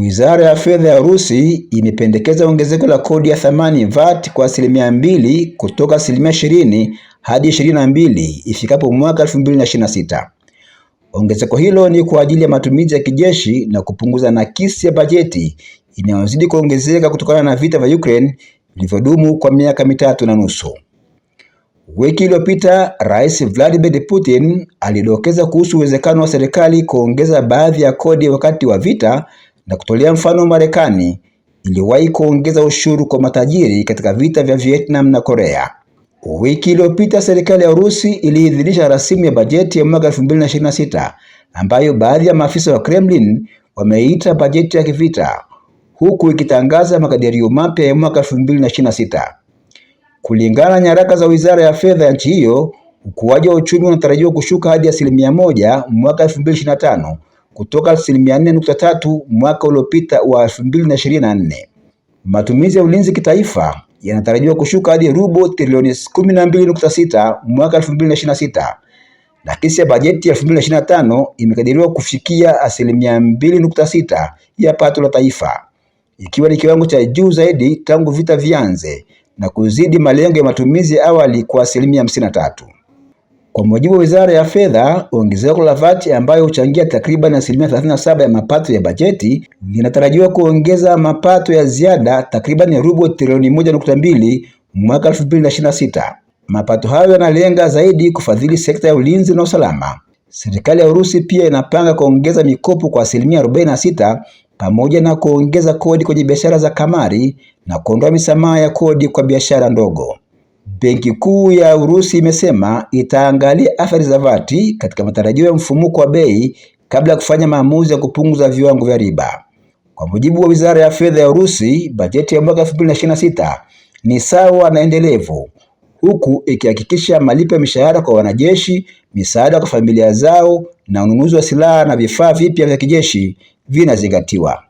Wizara ya Fedha ya Urusi imependekeza ongezeko la kodi ya thamani VAT kwa asilimia mbili kutoka asilimia ishirini hadi ishirini na mbili ifikapo mwaka 2026. Ongezeko hilo ni kwa ajili ya matumizi ya kijeshi na kupunguza nakisi ya bajeti inayozidi kuongezeka kutokana na vita vya Ukraine vilivyodumu kwa miaka mitatu na nusu. Wiki iliyopita Rais Vladimir Putin alidokeza kuhusu uwezekano wa serikali kuongeza baadhi ya kodi wakati wa vita na kutolea mfano Marekani iliwahi kuongeza ushuru kwa matajiri katika vita vya Vietnam na Korea. Wiki iliyopita serikali ya Urusi iliidhinisha rasimu ya bajeti ya mwaka 2026 ambayo baadhi ya maafisa wa Kremlin wameita bajeti ya kivita, huku ikitangaza makadirio mapya ya mwaka 2026. Kulingana na nyaraka za wizara ya fedha ya nchi hiyo, ukuaji wa uchumi unatarajiwa kushuka hadi asilimia moja mwaka 2025 kutoka asilimia tatu mwaka uliopita wa nne. Matumizi ya ulinzi kitaifa yanatarajiwa kushuka hadi rubo trilioni sita mwaka na kisi ya bajeti ya tano imekadiriwa kufikia asilimia mbili sita ya pato la taifa, ikiwa ni kiwango cha juu zaidi tangu vita vianze na kuzidi malengo ya matumizi ya awali kwa asilimia tatu. Kwa mujibu wa Wizara ya Fedha, ongezeko la VAT ambayo huchangia takriban asilimia 37 ya mapato ya bajeti linatarajiwa kuongeza mapato ya ziada takriban rubo trilioni 1.2 mwaka 2026. Mapato hayo yanalenga zaidi kufadhili sekta ya ulinzi na usalama. Serikali ya Urusi pia inapanga kuongeza mikopo kwa asilimia 46 pamoja na kuongeza kodi kwenye biashara za kamari na kuondoa misamaha ya kodi kwa biashara ndogo. Benki Kuu ya Urusi imesema itaangalia athari za VATI katika matarajio ya mfumuko wa bei kabla ya kufanya maamuzi ya kupunguza viwango vya riba. Kwa mujibu wa Wizara ya Fedha ya Urusi, bajeti ya mwaka 2026 ni sawa na endelevu huku ikihakikisha malipo ya mishahara kwa wanajeshi, misaada kwa familia zao na ununuzi wa silaha na vifaa vipya vya kijeshi vinazingatiwa.